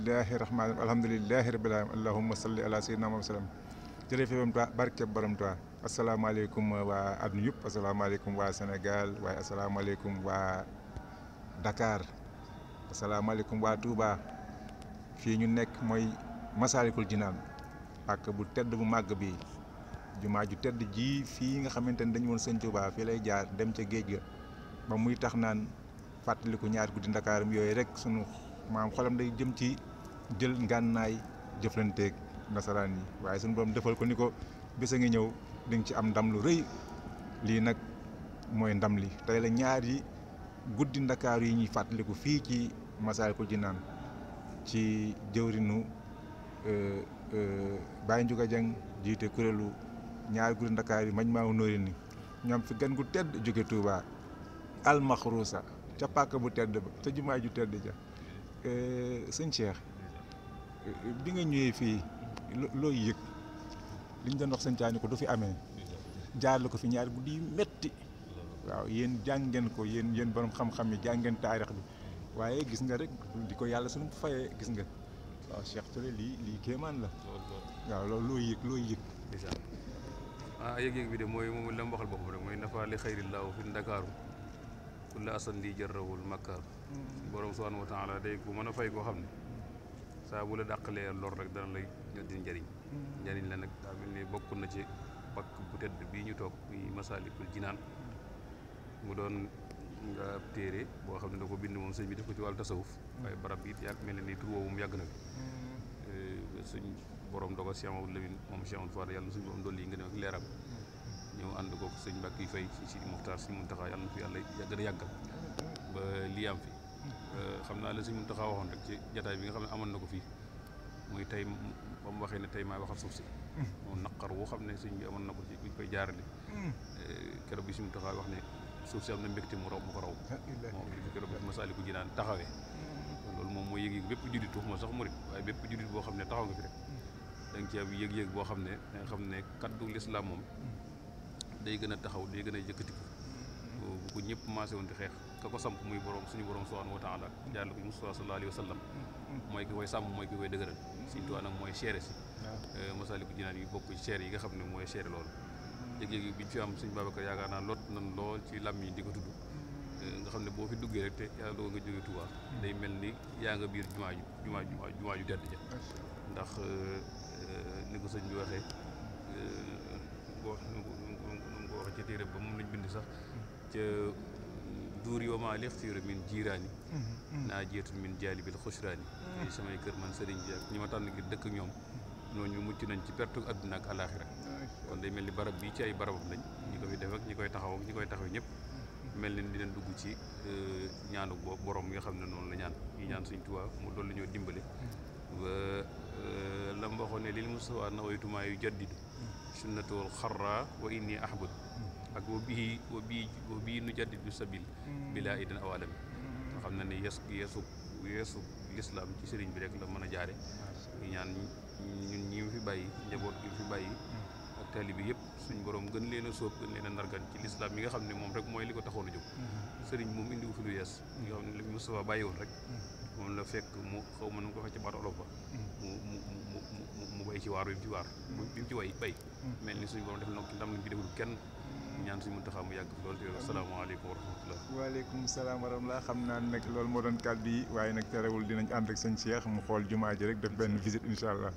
bismillahi rahmaani rahim alhamdulilahi ala sayyidina Muhammad sallam jërëjëf borom Tuubaa barke borom Tuubaa asalaamaaleykum waa àdduna yëpp asalaamaaleykum waa Sénégal waaye asalaamaaleykum waa Dakar asalaamaaleykum waa Touba fii ñu nekk mooy Masaalikul Jinaan ak bu tedd bu màgg bi jumaa ju tedd ji fii nga xamante ni dañu woon sëñ Touba fii lay jaar dem ca géej ga ba muy tax naan fàttaliku ñaar guddi ndakaaram yooyu rek sunu maam xolam day jëm ci jël ngànnaay jëflanteeg nasaraan yi waaye suñu borom defal ko ni ko bés a ngi ñëw di ci am ndam lu rëy lii nag mooy ndam li tey la ñaar guddi ndakaaru yi ñuy fàttaliku fii ci Masaalikul naan ci jëwrinu euh, euh, Baye Ndiouga Dieng jiite kuréelu ñaari guddi ndakaar yi Majmahun Nurayni ñoom fi gan gu tedd jóge Touba almaxruusa ca pàkk bu tedd ba ca jumaa ju tedd ja euh, sëñ Cheikh bi nga ñëwee fii looy yëg liñ ñu doon wax sëñ ko du fi amee jaar ko fi ñaari guddi yu metti waaw yéen jàngeen ko yéen yéen borom xam-xam yi jàngeen taarix bi waaye gis nga rek di ko yàlla suñu fayee gis nga waaw Cheikh Touré lii lii kéemaan la waaw loolu looy yëg looy yëg ah yëg-yëg bi de mooy moom la mu waxal boppam rek mooy nafa li xayrillaahu fi ndakaaru kulla asan lii jërrawul makkaaru hmm. borom subhaanahu wa taala day ku mën a fay koo xam ne saa bu la dàqalee lor rek dana lay di njariñ mm-hmm. njariñ la nag daa mel ni bokk na ci pakk bu tedd bii ñu toog muy Masaalikul Jinaan mm-hmm. mu doon nga téere boo xam ne da ko bind moom sëñ bi def ko ci wàllu tasawuf mm-hmm. waaye barab bi it yàgg mel ne ni tur woowu mu yàgg na fi eh, suñ borom dogal Cheikh Mamadou Lamine moom Cheikh Amadou Fadal yàlla na suñ borom dolli nga ne ak leeram ñëw ànd ko sëñ Mbàkke yi fay ci si Muxtaar si Muntaxa yàlla na fi yàlla gën a yàggal ba lii fi Euh, xam naa la Sëñ Muntaxa waxoon rek ci jataay bi nga xam ne amoon na ko fii muy tey ba mu waxee ne tey maay waxal suuf si moom naqar woo xam ne sëñ bi amoon na ko ci buñ koy jaarale euh, keroog bi Sëñ Muntaxa wax ne suuf si am na mbégte mu raw mu ko raw moom li keroog bi Masaalikul Jinaan taxawee loolu moom mooy yëg-yëg bépp jullit waxuma sax murit waaye bépp jullit boo xam ne taxaw nga fi rek da nga ci am yëg-yëg boo xam ne da xam ne kat kaddu lislaam moom hmm. day gën a taxaw day gën a yëkkati ko bu ñëpp maasee woon di xeex ka ko samp muy borom suñu borom subhanahu wa taala jaarale ko ci Mustafa sallallahu alayhi wa sallam mm-hmm. mooy ki koy sàmm mooy ki koy dëgëral mm-hmm. Sëriñ Tuubaa nag mooy seere si euh, Masaalikul Jinaan yi bokk ci seere yi nga xam ne mooy seere loolu léeg-léeg mm-hmm. bi fi am Sëriñ Babacar yaakaar naa lot nan lool ci làmm yi di ko tudd euh, nga xam ne boo fi duggee rek te yàlla doo nga jógee Touba day mel ni yaa nga biir jumaa ju jumaa ju jumaa ju tedd ja ndax euh, ni ko sëñ bi waxee ko wax ko sax ce duur yo ma lextiru min jiiraani naa jiitu min jaali bil xusraani yi samay kër man sëriñ bi ak ñi ma tànn ngir dëkk ñoom ñooñu mucc nañ ci pertu àdduna ak alaxira kon day mel ni barab bii ci ay lañ fi def ak taxaw ak taxaw dugg ci ñaanu borom nga xam ne noonu la ñaan yi ñaan suñ tuwaa mu dolli ñoo dimbale lam waxoon lil mustafa nawaytu maa yu jaddidu wa inni ak wa bii wa bii wa bii nu jaddidu sabil mm. bilaa idan aw alami mm. nga xam ne ne yes yeesu yeesu lislaam ci sëriñ bi rek la mën a jaare ñaan ñun ñi fi bàyyi njaboot gi fi bàyyi mm. ak taalibe yëpp suñ borom gën leen a gën leen a nargan ci lislaam yi nga xam ne moom rek mooy li ko taxoon a jóg mm-hmm. sëriñ moom indiwu fi lu yees mm-hmm. nga xam ne li Moustapha bàyyi woon rek mm-hmm. moom la fekk mu xaw ma nu ko waxee ci baatu olof ba mm. mu mu mu mu bay ci waar bi mu ci waar bi mm. mu ci way bay mm. mel ni suñu borom def na ko ndam lañ ci deful kenn ñaan suñu Muntaxa mu yàgg fi loolu te asalaamaaleykum wa rahmatullah waaleykum salaam wa rahmatullah xam naa nag loolu moo doon kàddu yi waaye nag terewul dinañ ànd ak sëñ Cheikh mu xool jumaa ji rek def benn visite incha allah